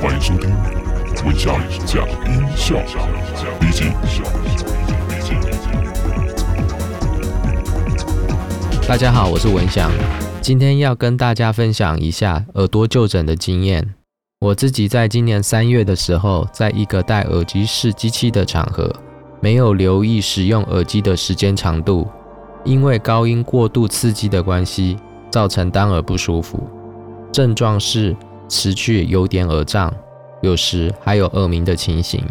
歡迎收聽文祥講音效第一集。大家好，我是文祥，今天要跟大家分享一下耳朵就診的經驗。我自己在今年三月的時候，在一個戴耳機試機器的場合，沒有留意使用耳機的時間長度，因為高音過度刺激的關係，造成單耳不舒服，症狀是，持續有點耳脹，有時還有耳鳴的情形。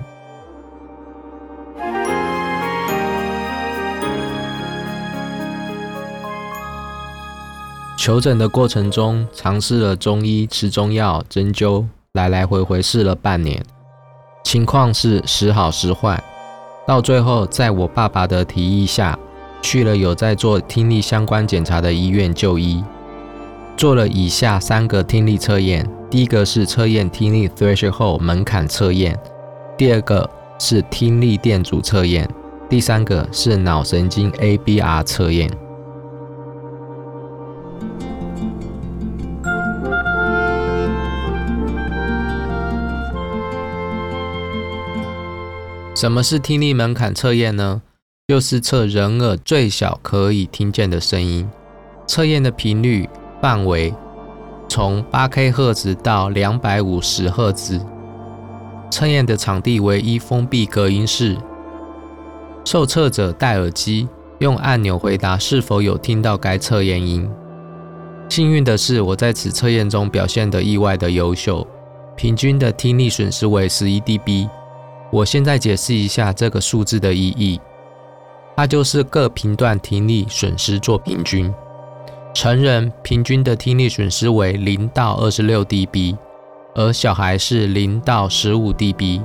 求診的過程中，嘗試了中醫、吃中藥、針灸，來來回回試了半年，情況是時好時壞。到最後，在我爸爸的提議下，去了有在做聽力相關檢查的醫院就醫，做了以下三個聽力測驗。第一個是測驗聽力 threshold 門檻測驗，第二個是聽力電阻測驗，第三個是腦神經 ABR 測驗。什麼是聽力門檻測驗呢？就是測人耳最小可以聽見的聲音，測驗的頻率範圍。從 8K 赫茲到250赫茲，測驗的場地為一封閉隔音室。受測者戴耳機，用按鈕回答是否有聽到該測驗音。幸運的是，我在此測驗中表現得意外的優秀，平均的聽力損失為 11dB。我現在解釋一下這個數字的意義，它就是各頻段聽力損失做平均。成人平均的聽力損失為零到二十六 dB，而小孩是零到十五 dB。